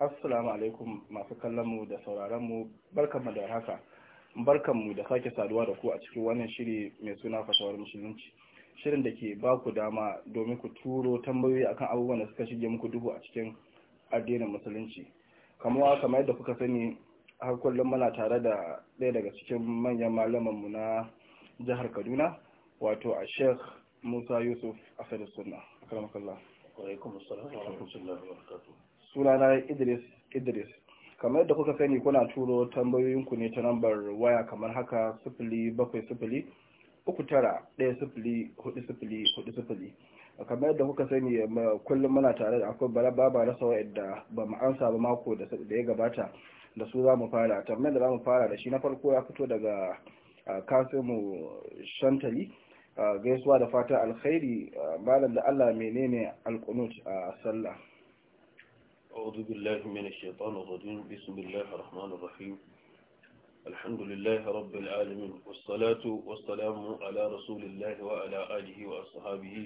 assalamu alaikum masu kallon mu da sauraron mu barkanmu da haka barkanmu da sake saduwa da ku a cikin wannan shiri mai suna fashawar musulunci shirin da ke ba ku dama domin ku turo tambayoyi akan abubuwan da suka shige muku duhu a cikin addinin musulunci kamar kamar yadda kuka sani har kullum muna tare da ɗaya daga cikin manyan malaman mu na jihar Kaduna wato a Sheikh Musa Yusuf Asadu Sunna akramakallah wa alaikum assalam wa rahmatullahi wa barakatuh sunana idris idris kamar yadda kuka sani kuna turo tambayoyinku ne ta lambar waya kamar haka sifili bakwai sifili uku tara ɗaya sifili hudu sifili hudu sifili kamar yadda kuka sani kullum muna tare da akwai baraba ba sawa wa'adda ba mu ansa ba mako da ya gabata da su za mu fara tambayar da za mu fara da shi na farko ya fito daga kasimu shantali gaisuwa da fatan alkhairi malam da allah menene alkunut a sallah أعوذ بالله من الشيطان الرجيم بسم الله الرحمن الرحيم الحمد لله رب العالمين والصلاة والسلام على رسول الله وعلى آله وأصحابه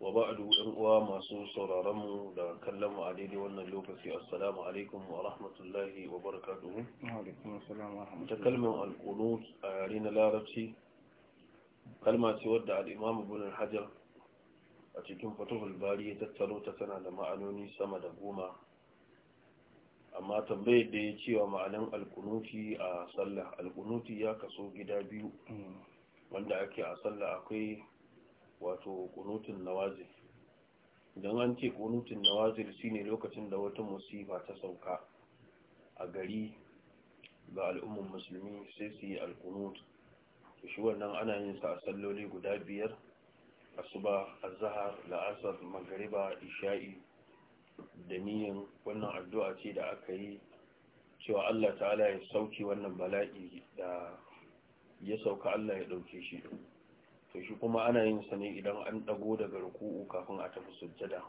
وبعد أنقوى معصوم صرارم لأكلم عليه والنلوك في السلام عليكم ورحمة الله وبركاته وعليكم السلام ورحمة الله تكلم القنوط أعلين لا ربسي كلمة ودع الإمام ابن الحجر a cikin fatuhul bari ya tattaro ta tana da ma'anoni sama da goma amma tambayar da ya cewa ma'anin alkunuti a sallah alkunuti ya kaso gida biyu wanda ake a sallah akwai wato kunutin nawazil idan an ce kunutun nawazil shine lokacin da wata musifa ta sauka a gari ga al'ummar musulmi sai su yi alkunut shi wannan ana yin sa a salloli guda biyar asuba azhar la'asar magariba isha'i da niyan wannan addu'a ce da aka yi cewa Allah ta'ala ya sauki wannan bala'i da ya sauka Allah ya ɗauke shi to shi kuma ana yin sa ne idan an ɗago daga ruku'u kafin a tafi sujjada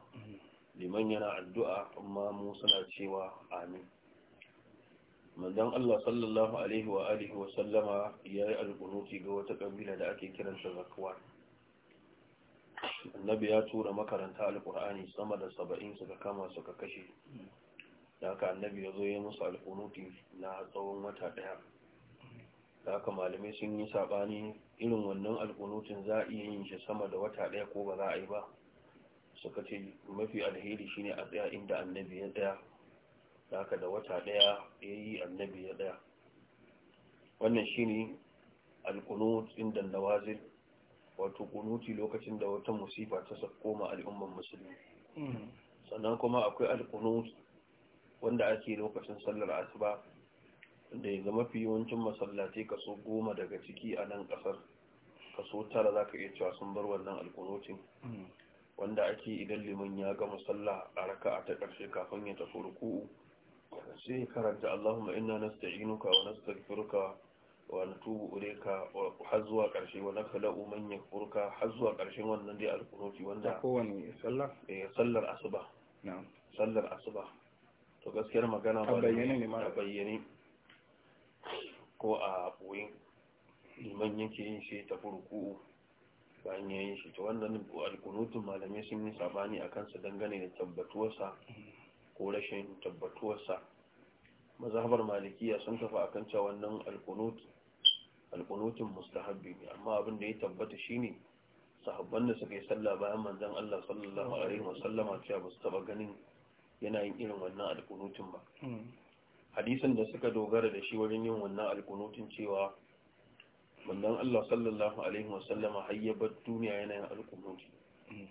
liman yana addu'a amma mu suna cewa amin manzon Allah sallallahu alaihi wa alihi wa sallama yayi alqunuti ga wata ƙabila da ake kiranta zakwan annabi ya tura makaranta alkur'ani sama da saba'in suka kama suka kashe da haka annabi ya zo ya musu alkunuti na tsawon wata daya da haka malamai sun yi saɓani irin wannan alkunutin za a iya yin shi sama da wata daya ko ba za a yi ba suka ce mafi alheri shine a tsaya inda annabi ya tsaya da haka da wata daya ya yi annabi ya tsaya wannan shine alkunut inda wato kunuti lokacin da wata musifa ta koma al'umman musulmi hmm. sannan kuma akwai alkunut wanda ake lokacin sallar asuba da zama mafi yawancin masallaci kaso goma daga ciki a nan kasar kaso tara za ka iya cewa sun bar wannan alkunutin hmm. wanda ake idan liman ya ga sallah a raka a ta ƙarshe kafin ya tafi ruku'u sai karanta Allahumma inna nasta'inuka wa nastaghfiruka wa natubu ureka har zuwa karshe wa nakhla'u man furka har zuwa karshen wannan dai alkunoti wanda kowanne sallar eh sallar asuba sallar asuba to gaskiyar magana ba bayyane ne ma bayyane ko a boye liman yanke yin shi ta furku bayan ya yayin shi ta wannan alkunutun malamai sun yi sabani a kansa dangane da tabbatuwarsa ko rashin tabbatuwarsa mazhabar malikiya sun tafi akan cewa wannan alkunut alƙunutin mustahabbi ne amma abin da ya tabbata shine sahabban da suka yi sallah bayan manzon Allah sallallahu alaihi wasallama cewa ba su taba ganin yana yin irin wannan alƙunutin ba hmm. hadisin da suka dogara da shi wajen yin wannan alƙunutin cewa manzon Allah sallallahu alaihi wasallama hayyabar duniya yana yin hmm.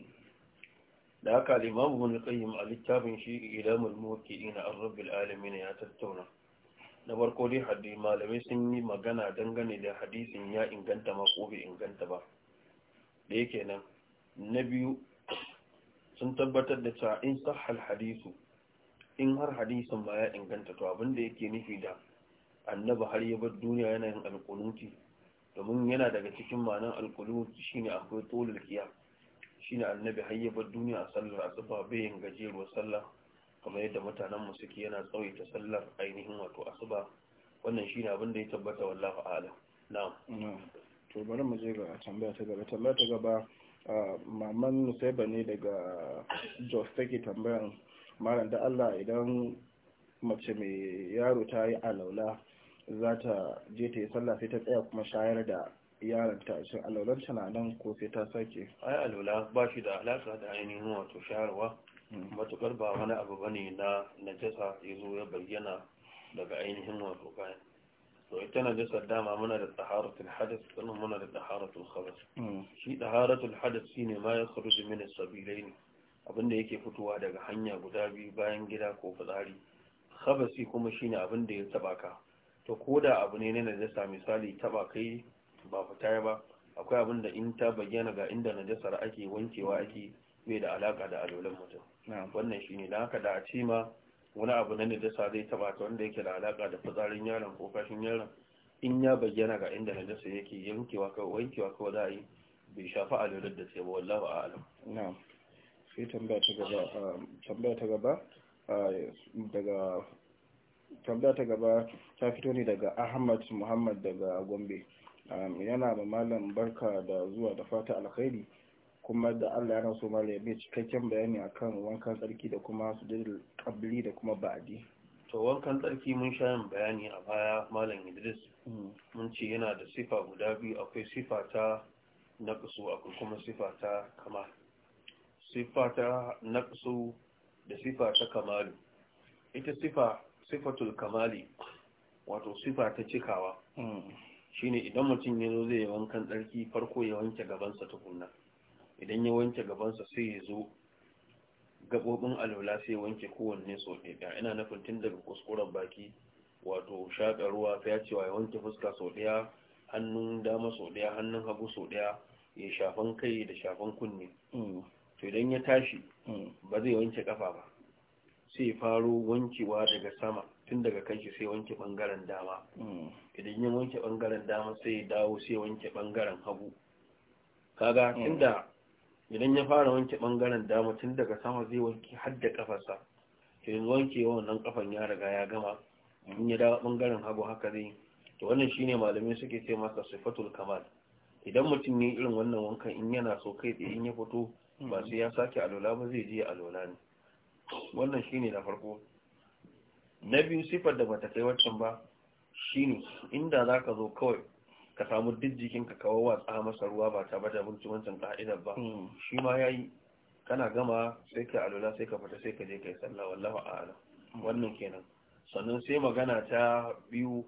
da haka al-imamu bin qayyim a littafin shi ilamul muwaqqi'ina ar-rabbil alamin ya tattauna na farko dai hadisi malamai sun yi magana dangane da hadisin ya inganta ma ko bai inganta ba da yake nan na biyu sun tabbatar da cewa in sahal hadisu in har hadisin ba ya inganta to abin da yake nufi da annabi har ya bar duniya yana yin alkunuti domin yana daga cikin ma'anar alkulunci shine akwai tsolar kiya shine annabi har ya bar duniya a sallar asuba bai yin gajeruwar sallah kamar yadda mutanen suke yana tsawaita sallar ainihin wato asuba wannan shi abin da ya tabbata wallahu a'lam na'am to bari mu je ga tambaya ta gaba tambaya ta gaba maman Nusaiba ne daga Jos take tambayan malam da Allah idan mace mai yaro ta yi alaula za ta je ta yi sallah sai ta tsaya kuma shayar da yaron ta shi alaulanta na nan ko sai ta sake ai alaula ba shi da alaka da ainihin wato shayarwa matukar ba wani abu ba ne na najasa ya zo ya bayyana daga ainihin wato kayan to ita najasar dama muna da taharatul hadas sannan muna da taharatul khabar hmm. shi taharatul hadas shine ma ya kharuji min as-sabilain abinda yake fitowa daga hanya guda biyu bayan gida ko fitsari khabasi kuma shine abinda ya taba ka to koda abu ne na najasa misali taba kai ba fitaya ba akwai abinda in ta bayyana ga inda najasar ake wankewa ake bai da alaka da alolan mutum wannan shi ne da haka da a cima ma wani abu nan da dasa zai taba ta wanda yake da alaka da fitsarin yaron ko kashin yaron in ya bayyana ga inda na dasa yake yankewa ko wankewa ko za a yi bai shafi alolan da sai ba wallahu a'alam na'am sai tambaya ta gaba ah, tambaya ta gaba ah, daga tambaya ta gaba ta fito ne daga Ahmad Muhammad daga Gombe ah, yana da malam barka da zuwa da fata alkhairi kuma da Allah ya rasu mala ya cikakken bayani akan wankan tsarki da kuma sujudul ƙabili da kuma ba'di to wankan tsarki mun sha yin bayani a baya malam Idris mm. mun ce yana da sifa guda biyu akwai sifa ta naƙasu akwai kuma sifa ta kama. sifa ta naƙasu da sifa ta kamalu ita sifa sifatul kamali wato sifa ta cikawa mm. shine idan mutum ya zo zai yi wankan tsarki farko ya wanke gabansa tukunna idan ya wanke gabansa sai ya zo gabobin alwala sai wanke kowanne sau ɗaya ina nufin tun daga kuskuren baki wato shaƙa ruwa ta cewa ya wanke fuska sau ɗaya hannun dama sau ɗaya hannun hagu sau ɗaya ya shafan kai da shafan kunne mm. to idan ya tashi mm. ba zai wanke kafa ba sai ya faro wankewa daga sama tun daga kanshi sai wanke bangaren dama mm. idan ya wanke bangaren dama sai ya dawo sai wanke bangaren hagu kaga da idan ya fara wanke bangaren dama tun daga sama zai wanke har da kafarsa to yanzu wanke wannan kafan ya riga ya gama in ya dawo bangaren hagu haka zai to wannan shine malamai suke ce masa sifatul kamal idan mutum ne irin wannan wankan in yana so kai tsaye in ya fito ba sai ya sake alola ba zai je alola ne wannan shine na farko na biyu sifar da bata kai waccan ba shine inda zaka zo kawai ka samu duk jikin ka kawo watsa masa ruwa ba ta bada abinci wancan ka'idar ba hmm. shi ma ya yi kana gama sai ka alula sai ka fita sai ka je kai sallah wallahu a'ala hmm. wannan kenan sannan sai magana ta biyu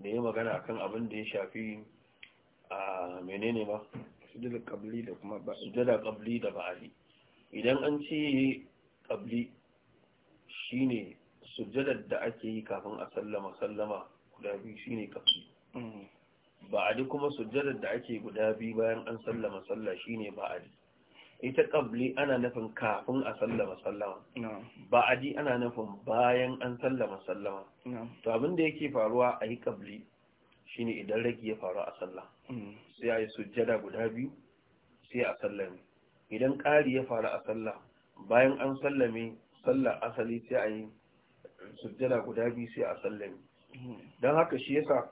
da ya magana akan abin da ya shafi a menene ba sujada qabli da kuma ba qabli da ba'ali idan an ce qabli shine sujadar da ake yi kafin a sallama sallama guda biyu shine qabli hmm. ba'adi kuma sujjadar da ake guda biyu bayan an sallama sallah ba ba'adi ita qabli ana nufin kafin a sallama sallama ba'adi ana nufin bayan an sallama sallama to abin da yake faruwa a yi qabli ne idan ragi ya faru a sallah mm. sai a yi sujjada guda biyu sai a sallame idan ƙari ya faru a sallah bayan an sallame sallah asali sai a yi sujjada guda biyu sai a sallame mm. don haka shi yasa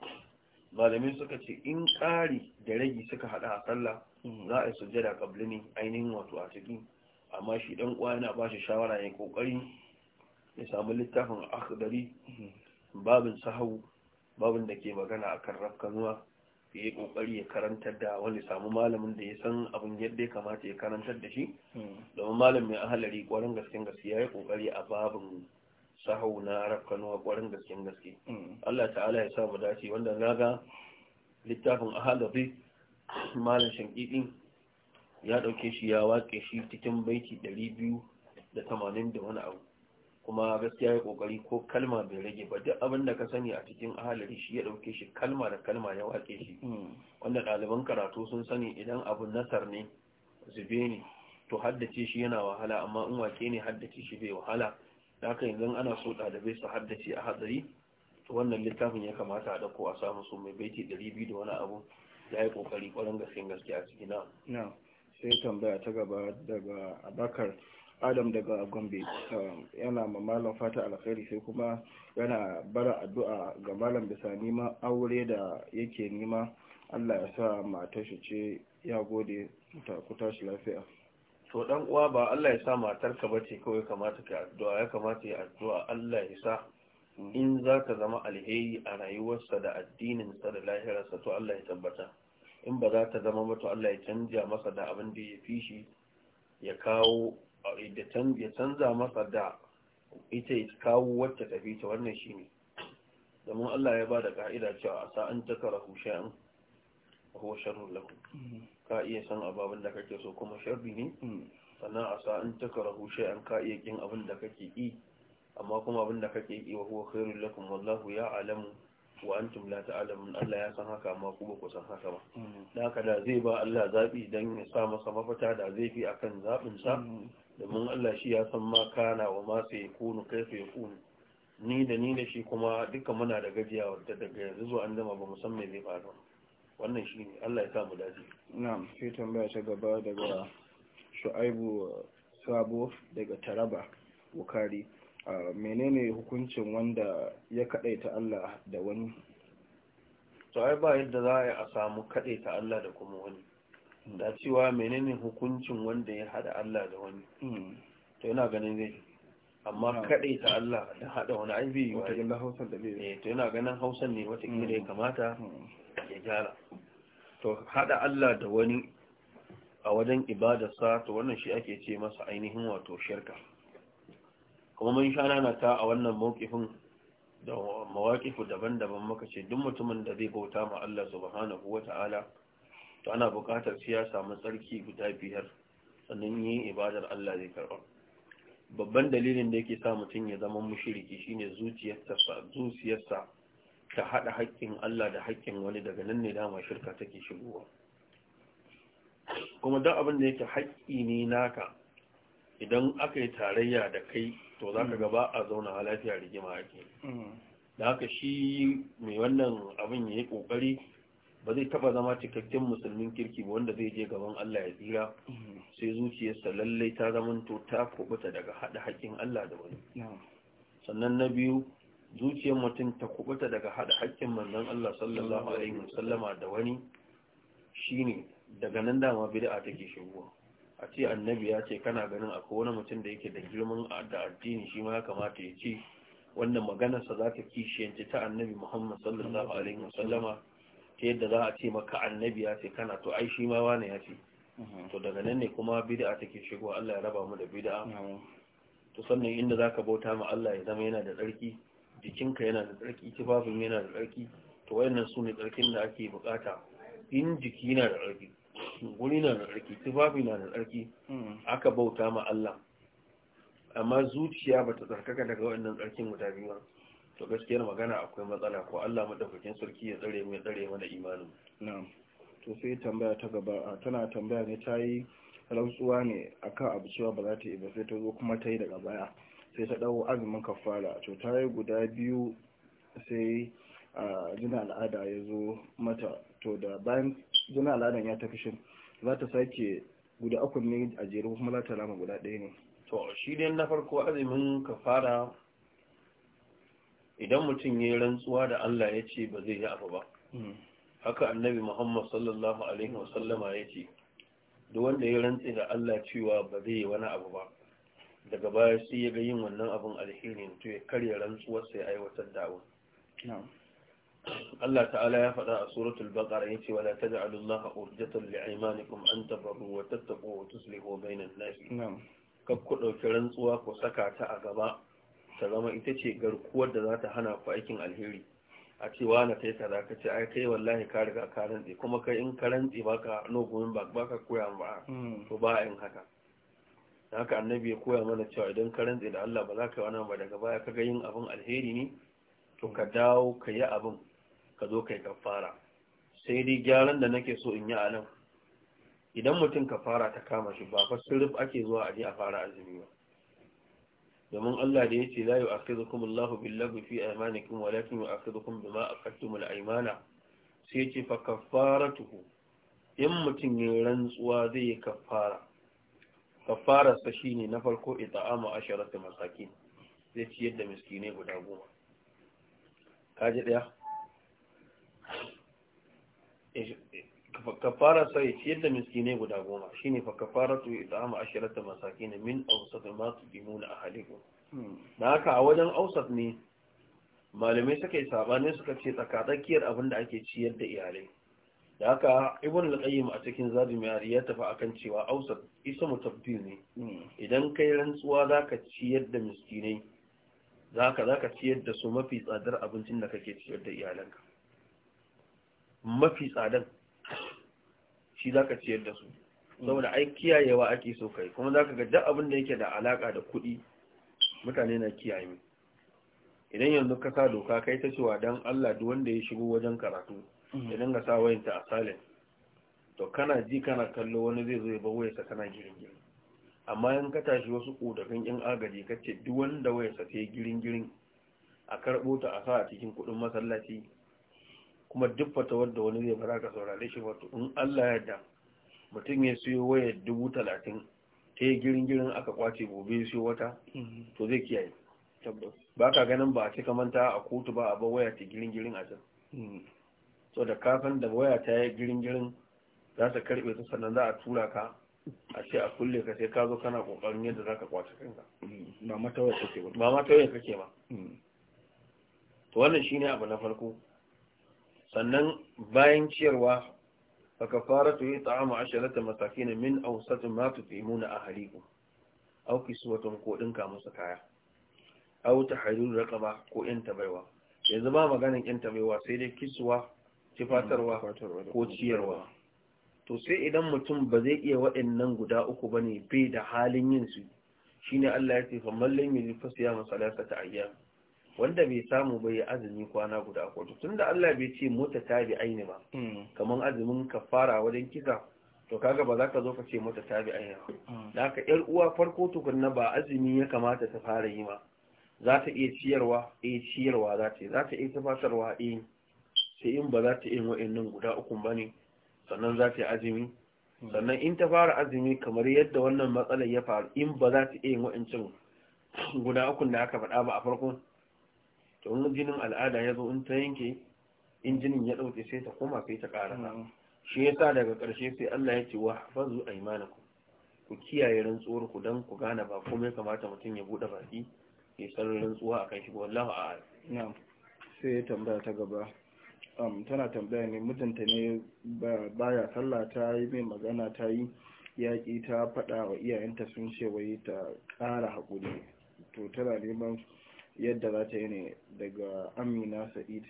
Malamin suka ce in ƙari da ragi suka haɗa a sallah za a yi sujjada ƙabli ne ainihin wato a cikin amma shi ɗan ƙwa yana ba shi shawara ya ƙoƙari ya samu littafin akhdari babin sahau babin da ke magana a kan rafkanuwa ya yi ƙoƙari ya karantar da wani samu malamin da ya san abin yadda ya kamata ya karantar da shi hmm. domin malamin ahalari ƙwarin gaske gaskiya ya ƙoƙari a babin sahau na arab a kwarin gaskin gaske mm. Allah ta'ala ya sa mu dace wanda naga littafin ahadabi malam shankidin ya dauke shi ya wake shi cikin baiti 200 da 80 da wani abu kuma gaskiya ya kokari ko kalma bai rage ba duk abin da ka sani a cikin ahalari shi ya dauke shi kalma da kalma ya wake shi mm. wanda ɗaliban karatu sun sani idan abu nasar ne zube ne to haddace shi yana wahala amma in wake ne haddace shi bai wahala da haka yanzu ana so ɗalibai su haddace a hatsari wannan littafin ya kamata a dauko a samu su mai baiti biyu da wani abu ya yi kokari kwarin gaskiyan gaskiya a ciki na sai tambaya ta gaba daga abakar adam daga gombe yana ma malam fata alkhairi sai kuma yana bara addu'a ga malam bisa nima aure da yake nema allah ya sa matar shi ce ya gode ku tashi lafiya to dan uwa ba Allah ya sa matarka bace kawai kamata ka addu'a ya kamata ya addu'a Allah ya sa in za ka zama alheri a rayuwarsa da addinin addininsa da lahirarsa to Allah ya tabbata in ba za ta zama ba to Allah ya canja masa da abin da ya fi shi ya kawo ya canza masa da ita ya kawo wacce tafi ta wannan shi ne domin Allah ya ba da ka'ida cewa a sa'an ta karahu a ka iya san ababin da kake so kuma sharri ne mm. sannan a sa'in ta karahu shay'an ka iya kin abin da kake yi amma kuma abin da kake yi wa huwa khairul lakum wallahu ya'lamu wa antum la ta'lamun Allah ya san haka amma ku ba ku san haka ba mm. dan haka da zai ba Allah zabi dan ya sa masa mafata da zai fi akan zabin sa mm. domin Allah shi ya san ma kana wa ma sai kunu kaifa yakunu ni da ni da shi kuma duka muna da gajiya wadda daga yanzu zuwa an dama ba musamman zai faru wannan shi ne Allah ya sa mu dace na'am sai tambaya ta gaba daga Shu'aibu Sabo daga Taraba Bukari menene hukuncin wanda ya kadaita Allah da wani to ai ba yadda za a samu kadaita Allah da kuma wani da cewa menene hukuncin wanda ya hada Allah da wani hmm. to yana ganin zai amma kadaita Allah da hada wani ai bai yi wata ganin hausan da bai eh, to yana ganin Hausa ne wata kira ya hmm. kamata hmm. ya gyara to hada Allah da wani a wajen ibadarsa to wannan shi ake ce masa ainihin wato shirka kuma mun sha nana ta a wannan mawkifin da mawaƙifu daban-daban muka ce duk mutumin da zai bauta ma Allah subhanahu wata'ala to ana buƙatar siyasa ya tsarki guda biyar sannan yin ibadar Allah zai karɓa babban dalilin da yake sa mutum ya zama mushriki shine zuciyarsa zuciyarsa ka haɗa haƙƙin Allah da haƙƙin wani daga nan ne dama shirka take shigowa kuma duk abin da yake haƙƙi ne naka idan aka yi tarayya da kai to za ka gaba a zauna a lafiya rigima ake mm. da haka shi mai wannan abin ya yi ƙoƙari ba zai taɓa zama cikakken musulmin kirki ba wanda zai je gaban Allah ya tsira mm. sai zuciyarsa lallai ta zamanto ta kubuta daga haɗa haƙƙin Allah da wani sannan na biyu zuciyar mutum ta kubuta daga hada haƙƙin manzon Allah sallallahu alaihi wasallama da wani shine daga nan dama bid'a take shigowa a ce annabi ya ce kana ganin akwai wani mutum da yake da girman da addini shi ma ya kamata ya ce wanda maganarsa za ta kishiyanci ta annabi Muhammad sallallahu alaihi wasallama ta yadda za a ce maka annabi ya ce kana to ai shi ma wani ya ce mhm. to daga nan ne kuma bid'a take shigowa Allah ya raba mu da bid'a to sannan inda zaka bauta ma Allah ya zama yana da tsarki jikinka yana da tsarki tufafin yana da tsarki to wayannan su ne tsarkin da ake bukata in jiki yana da tsarki guri na da tsarki tufafi na da tsarki hmm. aka bauta ma Allah amma zuciya ba ta tsarkaka daga wayannan tsarkin guda biyu ba to gaskiyar magana akwai matsala ko Allah madaukakin sarki ya tsare mu ya tsare mana imanin na'am to sai tambaya ta gaba tana tambaya ne ta rantsuwa ne akan abu cewa ba za ta yi ba sai ta zo kuma ta yi daga baya sai ta ɗau azumin kafara to ta yi guda biyu sai jina al'ada ya zo mata to da bayan jina al'adan ya tafi shi za ta sake guda uku ne a jere kuma za ta lama guda ɗaya ne to shi dai na farko azumin kafara idan mutum ya yi rantsuwa da Allah ya ce ba zai yi abu ba hmm. haka annabi Muhammad sallallahu alaihi wasallama ya ce duk wanda ya rantsi da Allah cewa ba zai yi wani abu ba daga baya sai ya ga yin wannan abin alheri to ya karya rantsuwar sai aiwatar da abin Allah ta'ala ya faɗa a suratul baqara yace wala taj'alu Allah urjatan li'aymanikum an tabarru wa tattaqu wa tuslihu bainan nas kab ku dauki rantsuwa ku saka ta a gaba ta zama ita ce garkuwar da za ta hana ku aikin alheri a ce na taita za ka ce ai kai wallahi ka riga ka rantsi kuma kai in ka rantsi baka no gumin baka koya ba hmm. to ba in haka haka annabi ya koya mana cewa idan ka rantse da Allah ba za ka yi wani ba daga baya ka ga yin abin alheri ne to ka dawo ka yi abin ka zo ka yi kafara sai dai gyaran da nake so in yi a nan idan mutum kafara ta kama shi ba fa sirrif ake zuwa a je a fara azumi ba domin Allah da ya ce la yu'akhidhukum Allahu billahi fi aymanikum walakin yu'akhidhukum bima aqadtum al-aymana sai ce fa kafaratuhu in mutum ya rantsuwa zai yi kafara kafararsa shine na farko ita'amu asharatu masakin zai ciyar da miskinai guda goma kaji daya kafara sai ciyar da miskinai guda goma shine fa kafaratu ita'amu asharatu masakin min awsat ma tudimuna ahlikum da haka a wajen ausat ne malamai suka yi sabanin suka ce tsakadakiyar abin da ake ciyar da iyalai da haka ibn al-qayyim a cikin zadi mai ya tafi akan cewa ausar isa tabdil ne hmm. idan kai rantsuwa zaka ciyar da miskinai zaka zaka ciyar da su mafi tsadar abincin da kake ciyar da iyalanka mafi tsadan shi zaka ciyar da su hmm. saboda ai kiyayewa ake so kai kuma zaka ga duk abin da yake da alaka da kuɗi mutane na kiyaye idan yanzu ka sa doka kai ta cewa dan Allah duk wanda ya shigo wajen karatu Mm. ya dinga sa wayanta a salin to kana ji kana kallo wani zai zo ya ba wayarsa kana girin girin amma in ka tashi wasu kodafin yan agaji ka ce duk wanda wayarsa ta yi girin girin a karɓo ta a sa a cikin kuɗin masallaci kuma duk fata wadda wani zai fara ka saurare shi wato in Allah ya da mutum ya siyo waya dubu talatin ta yi girin girin aka kwace gobe ya siyo wata mm-hmm. to zai kiyaye ba ka ganin ba a cika manta a kotu ba a ba waya ta girin girin a can mm. so da kafin da waya ta yi girin-girin za ta karbe ta sannan za a tura ka a ce a kulle ka sai ka zo kana kokarin yadda za ka kwace kanka mm, ba matawar kake ba ba matawar kake ba mm. to wannan shine abu na farko sannan bayan ciyarwa fara kafaratu yi ta'amu asharata na min awsat ma tutimuna ahlikum aw kiswatun ko dinka musu kaya aw tahriru raqaba ko yanta baiwa yanzu ba maganin yanta tabaiwa sai dai kiswa tufatarwa ko ciyarwa to sai idan mutum ba zai iya waɗannan guda uku bane bai da halin yin su ne Allah ya ce fa mallam yi fasiya masalata ta ayyam wanda bai samu bai azumi kwana guda ko tunda Allah bai ce mota ta bi aini ba hmm. kaman azumin kafara wajen kisa to kaga ba za ka zo ka ce mota ta bi aini ba hmm. da ka yar uwa farko tukunna ba azumi ya kamata ta fara yi ma za ta iya ciyarwa eh ciyarwa za ta za ta iya tafatarwa eh sai in ba za ta yin wa'annan guda ukun ba ne sannan za ta yi azumi hmm. sannan in ta fara azumi kamar yadda wannan matsalar ya faru in ba za ta yin wa'ancin guda ukun da aka faɗa ba a farko to wani jinin al'ada ya zo in ta yanke in jinin ya ɗauke sai ta koma sai ta ƙara hmm. shi ya sa daga ƙarshe sai Allah ya ce wa hafazu aymanakum ku kiyaye rantsuwar ku dan ku gane ba komai kamata mutum ya buɗe baki ya san rantsuwa akan shi wallahu a'lam na'am sai tambaya ta gaba Um, tana tambaya ne mutunta ne baya sallah ta yi mai magana ta yi yaƙi ta faɗa wa iyayenta sun ce wai ta ƙara hakuri to tana neman yadda za ta yi ne daga amina sa'id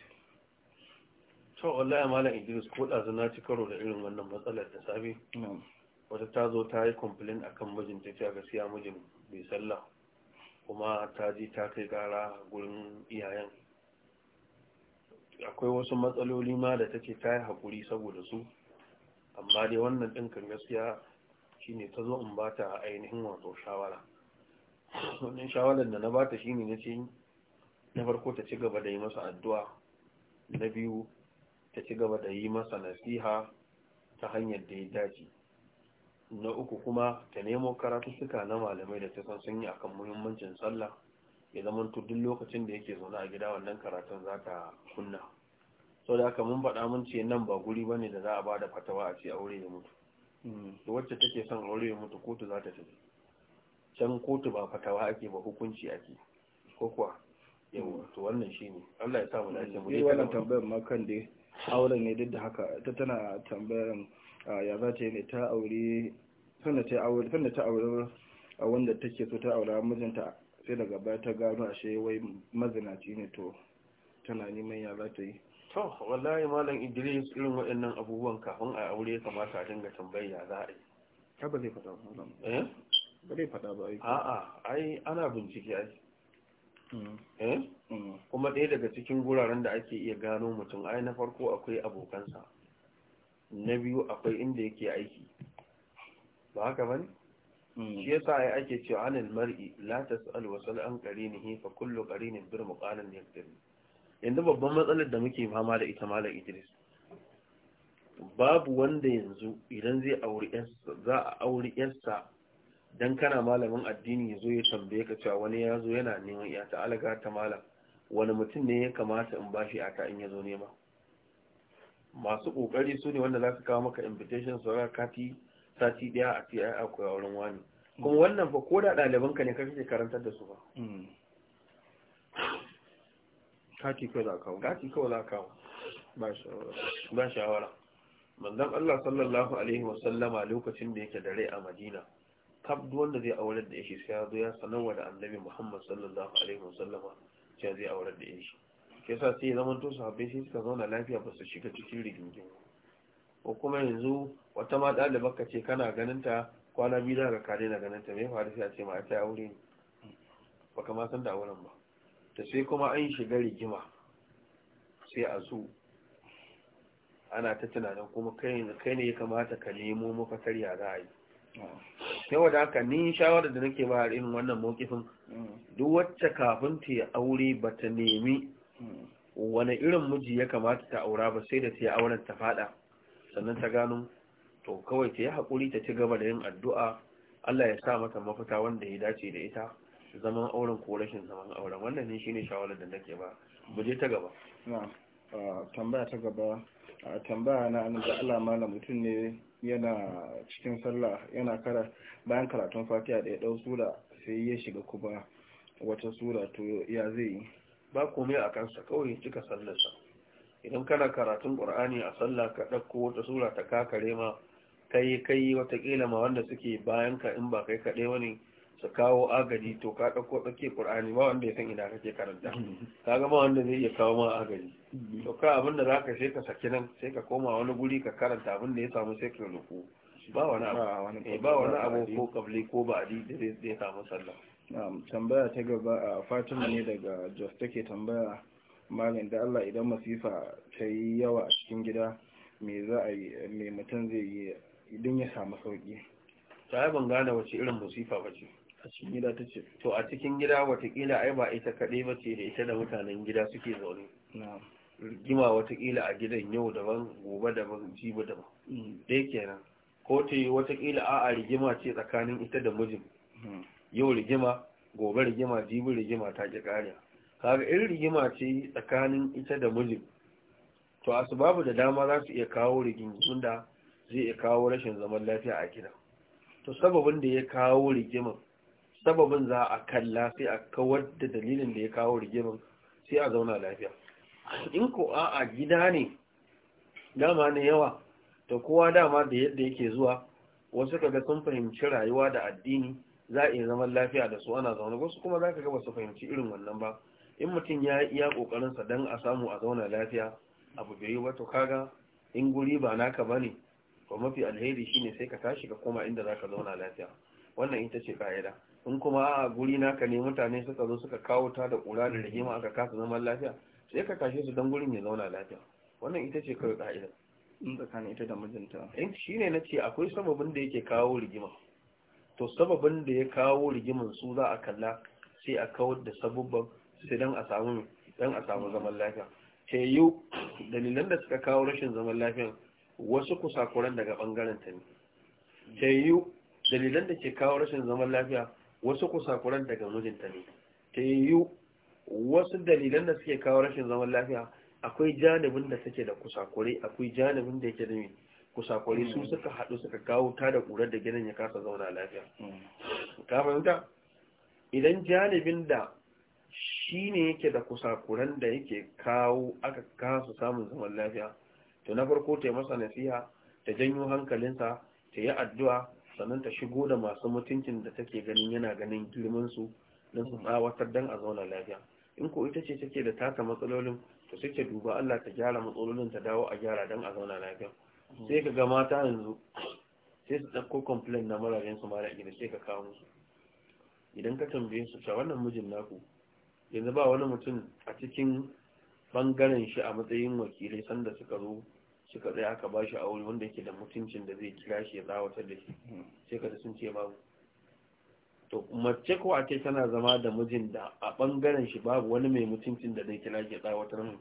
to ya malam idris ko ɗazu na ci karo da irin wannan matsalar da safe wata ta zo ta yi complain akan mijinta ta gaskiya mijin bai sallah kuma ta ji ta kai gara gurin iyayen akwai wasu matsaloli ma da take ta yi haƙuri saboda su amma dai wannan ɗinkan gaskiya shine ta zo in ba ta ainihin wato shawara wannan shawarar da na ba ta shine na ce na farko ta ci gaba da yi masa addu'a na biyu ta ci gaba da yi masa nasiha ta hanyar da ya dace na uku kuma ta nemo karatuttuka na malamai da ta san sun yi akan muhimmancin sallah ya zama duk lokacin da yake zaune a gida wannan karatun za ta kunna sau da aka mun faɗa mun ce nan ba guri ba ne da za a ba da fatawa a ce aure ya mutu da hmm. wacce take son aure ya mutu kotu za ta tafi can kotu ba fatawa ake ba hukunci ake ko kuwa yawa to wannan shi ne allah ya samu dace mu dai wannan tambayar ma kan dai auren ne duk da haka ta tana tambayar ya za ta yi ne ta aure sannan ta aure a wanda take so ta aure mijinta sai daga baya ta gano ashe wai mazinaci ne to tana neman ya za ta yi to wallahi malam idris irin waɗannan abubuwan kafin a aure ya kamata a dinga tambaya za a yi ka ba zai faɗa ba eh? ba zai fada ba a'a ai ana bincike ai mm. Eh? Mm. kuma ɗaya daga cikin guraren da ake iya gano mutum ai na farko akwai abokansa na biyu akwai inda yake aiki ba haka bane Hmm. shi yasa ai ake cewa anil mar'i la tas'al wa sal an qarinihi fa kullu qarinin bir muqalan yanzu babban matsalar da muke fama da ita malam Idris babu wanda yanzu idan zai aure za a aure yarsa dan kana malamin addini yazo ya tambaye ka cewa wani yazo yana neman ya ta alaga ta malam wani mutum ne ya kamata in bashi aka in yazo nema masu kokari su ne wanda za su kawo maka invitation su kati sati daya a ce ai akwai auren wani mm. kuma wannan fa ko da ɗalibanka ne kake karantar da su ba mm. kati kawai za kawo kati kawai za kawo ba shawara manzon Allah sallallahu alaihi wa sallama lokacin da yake da rai a Madina kaf wanda zai aure da shi sai ya zo ya sanarwa da Annabi Muhammad sallallahu alaihi wa sallama sai zai aure da shi kisa sai zaman to sahabbai sai suka zauna lafiya ba su shiga cikin rigingimu ko kuma yanzu wata ma ɗalibar ka ce kana ganin ta kwana biyu da ka daina ganin ta mai faru sai a ce ma ta aure ne baka ma san da auren ba ta sai kuma an shiga rigima sai a zo ana ta tunanin kuma kai ne ya kamata ka nemo mafatar ya za a yi sai da haka ni shawarar da nake ba irin wannan mokifin duk wacce kafin ta yi aure ba ta nemi hmm. wani irin miji ya kamata ta aura ba sai da ta yi auren ta fada sannan ta gano to kawai ta yi haƙuri ta ci gaba da yin addu'a Allah ya sa mata mafita wanda ya dace da ita zaman auren ko rashin zaman auren wannan ne shine shawarar da nake ba mu je ta gaba tambaya ta gaba tambaya na an da Allah malam mutum ne yana cikin sallah yana kara bayan karatun fatiha da ya dau sura sai ya shiga kuma wata sura to ya zai yi ba komai a kansa kawai cika sallarsa idan kana karatun ƙur'ani a sallah ka ɗauko wata sura ta kakare ma kai kai watakila ma wanda suke bayan ka in ba kai kaɗai wani su kawo agaji to ka ɗauko ɗauke ƙur'ani ba wanda ya san ina kake karanta ka ga wanda zai iya kawo ma agaji to ka abin da za ka sai ka saki nan sai ka koma wani guri ka karanta abin da ya samu sai ka rufu ba wani abu ba wani eh, abu ko kabli ko ba'adi da zai samu sallah tambaya ta gaba a fatima ne daga jos take tambaya malin da Allah idan masifa ta yi yawa a cikin gida me za a yi me mutum zai yi idan ya samu sauki ta yi ban gane wace irin masifa ba ce a cikin gida ta ce to a cikin gida watakila ai ba ita kaɗai ba ce da ita da mutanen gida suke zaune rigima watakila a gidan yau daban gobe daban jibi daban ɗaya mm. kenan ko ta yi watakila a rigima ce tsakanin ita da mijin mm. yau rigima gobe rigima jibi rigima ta ƙi ƙariya kaga irin rigima ce tsakanin ita da mijin to asbabu da dama za su iya kawo rigimin da zai iya kawo rashin zaman lafiya a gida to sababin da ya kawo rigimin sababin za a kalla sai a kawar da dalilin da ya kawo rigimin sai a zauna lafiya in ko a gida ne dama ne yawa to kowa dama da yadda yake zuwa wasu kaga sun fahimci rayuwa da addini za a iya zaman lafiya da su ana zaune wasu kuma za ka ga su fahimci irin wannan ba in mutum ya yi iya ƙoƙarinsa don a samu a zauna lafiya abu bai yi ba to kaga in guri ba naka ba ne ba mafi alheri shine sai ka tashi ka koma inda za ka zauna lafiya wannan ita ce ka'ida in kuma a guri naka ne mutane suka zo suka kawo ta da ƙura da rahima aka kasa zaman lafiya sai ka tashi su don gurin ya zauna lafiya wannan ita ce kawai ka'ida tsakanin ita da mijinta in ne na ce akwai sababin da yake kawo rigima to sababin da ya kawo rigiman su za a kalla sai a kawar da sabubban sai dan a samu dan a samu zaman lafiya ke yi dalilan da suka kawo rashin zaman lafiya wasu kusakuran daga bangaren ta ne ke yi dalilan da ke kawo rashin zaman lafiya wasu kusakuran daga mijinta ne ta yiwu wasu dalilan da suke kawo rashin zaman lafiya akwai janibin da take da kusakure akwai janibin da yake da mai kusakure su mm. suka haɗu suka kawo ta da ƙurar da gidan ya kasa zauna lafiya mm. ka fahimta idan janibin da shi ne yake da kusakuran da yake kawo aka kasu samun zaman lafiya to na farko ta yi masa nasiha ta janyo hankalinsa ta yi addu'a sannan ta shigo da masu mutuncin da take ganin yana ganin girmansu don su tsawatar don a zauna lafiya in ko ita ce take da taka matsalolin to sai ta duba Allah ta gyara matsalolin ta dawo a gyara dan a zauna lafiya sai ka ga mata yanzu sai su ɗauko complain na mararen su mara gida sai ka kawo musu idan ka tambaye su ta wannan mijin naku yanzu ba wani mutum a cikin bangaren shi a matsayin wakilai sanda suka zo suka tsaye aka ba shi aure wanda yake da mutuncin da zai kira shi ya tsawatar da shi sai ka sun ce babu to mace ko ake tana zama da mijin da a bangaren shi babu wani mai mutuncin da zai kira shi ya tsawatar mu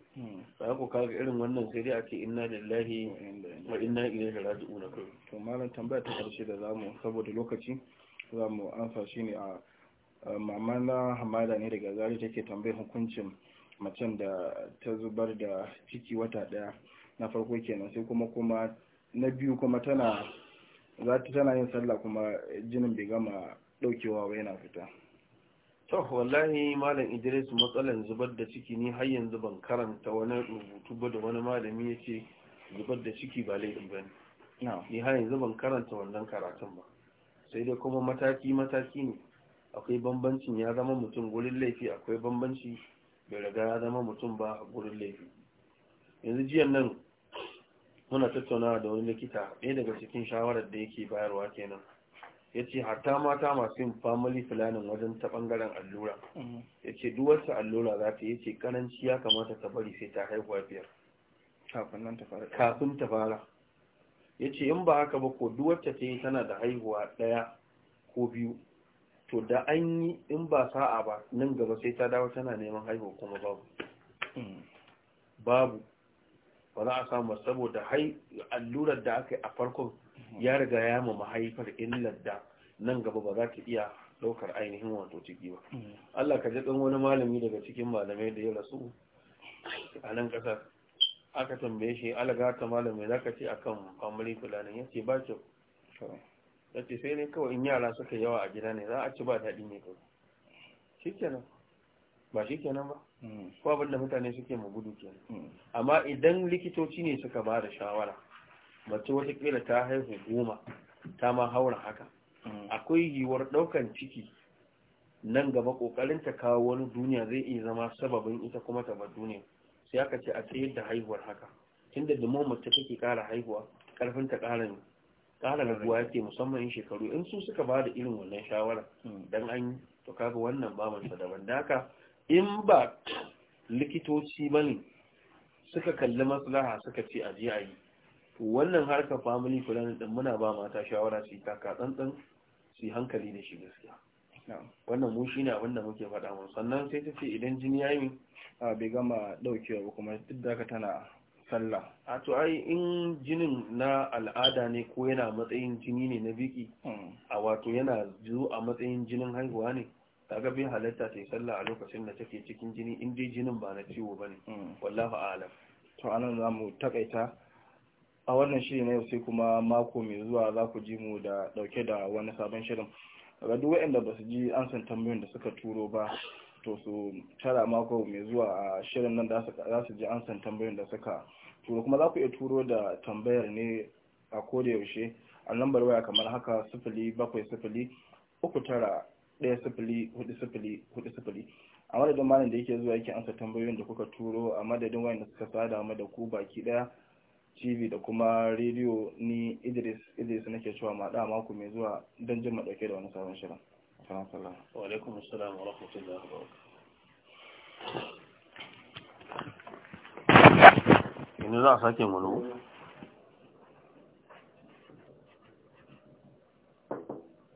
ba ko kaga irin wannan sai dai a ce inna lillahi wa inna ilaihi raji'un to malam tambaya ta karshe da zamu saboda lokaci zamu amsa shi ne a mamana hamada ne daga zari take tambayin hukuncin macen da ta zubar da ciki wata daya na farko kenan sai kuma kuma na biyu kuma tana za ta tana yin sallah kuma jinin bai gama daukewa ba yana fita to wallahi malam Idris matsalan zubar da ciki ni har yanzu ban karanta wani rubutu ba da wani malami yace zubar da ciki ba laifin bane ni har yanzu ban karanta wannan karatun ba sai dai kuma mataki mataki ne akwai bambancin ya zama mutum gurin laifi akwai bambanci bai riga ya zama mutum ba a gurin laifi yanzu jiyan nan muna tattauna da wani likita ɗaya daga cikin shawarar da yake bayarwa kenan ya ce hatta mata masu yin family planning wajen ta ɓangaren allura mm-hmm. ya ce duwarsa allura za ta yi ce karanci ya kamata ta bari sai ta haihuwa biyar kafin ta fara ya ce in ba haka ba ko duwarta ta yi tana da haihuwa ɗaya ko biyu to da an yi in ba sa'a ba nan gaba sai ta dawo tana neman haihu kuma babu babu ba za a samu saboda allurar da aka yi a farkon ya riga ya ma mahaifar illar da nan gaba ba za ta iya ɗaukar ainihin wato ciki ba Allah ka jaɗin wani malami daga cikin malamai da ya rasu a nan ƙasar aka tambaye shi alaga ta malamai za ka ce akan family fulani ya ce ba kyau ya ce sai ne kawai in yara suka yawa a gida ne za a ci ba daɗi ne kawai shi kenan ba shi kenan ba hmm. ko abinda mutane suke mu gudu kenan hmm. amma idan likitoci ne suka ba da shawara mace wata watakila ta haihu goma ta ma haura haka hmm. akwai yiwuwar ɗaukan ciki nan gaba ƙoƙarinta ta kawo wani duniya zai iya zama sababin ita kuma ta bar duniya sai aka ce a tsayar da haihuwar haka tunda da mace take kara haihuwa ƙarfinta ta ƙara ne ƙara raguwa yake musamman in shekaru in su suka ba da irin wannan shawara hmm. dan an to kaga wannan babansa daban daka in ba likitoci bane suka kalli maslaha suka ce a je a yi wannan harkar family planning din muna ba mata shawara su taka tsantsan su hankali da shi gaskiya wannan mu shine abin da muke faɗa mu sannan sai ta ce idan jini yayi bai gama daukewa kuma duk da ka tana sallah a to ai in jinin na al'ada ne ko yana matsayin jini ne na biki hmm. a wato yana zuwa a matsayin jinin haihuwa ne kaga bin halatta ta yi sallah a lokacin da take cikin jini in dai jinin ba na ciwo bane hmm. a a'lam to anan mu takaita a wannan shiri na yau sai kuma mako mai zuwa za ku ji mu da dauke da wani sabon shirin ga duk waɗanda ba su ji an san tambayoyin da suka turo ba to su tara mako mai zuwa a shirin nan za su ji ansan tambayoyin da suka turo kuma za ku iya turo da tambayar ne a koda yaushe a lambar waya kamar haka sifili bakwai sifili uku tara ɗaya sifili hudu sifili hudu sifili a madadin malam da yake zuwa yake ansa tambayoyin da kuka turo a madadin da suka sada mu da ku baki daya tv da kuma rediyo ni idris idris nake cewa da mako mai zuwa don jin maɗauke da wani sabon shirin السلام ورحمة الله وعليكم السلام ورحمة الله وبركاته إن ذا ساكن ولو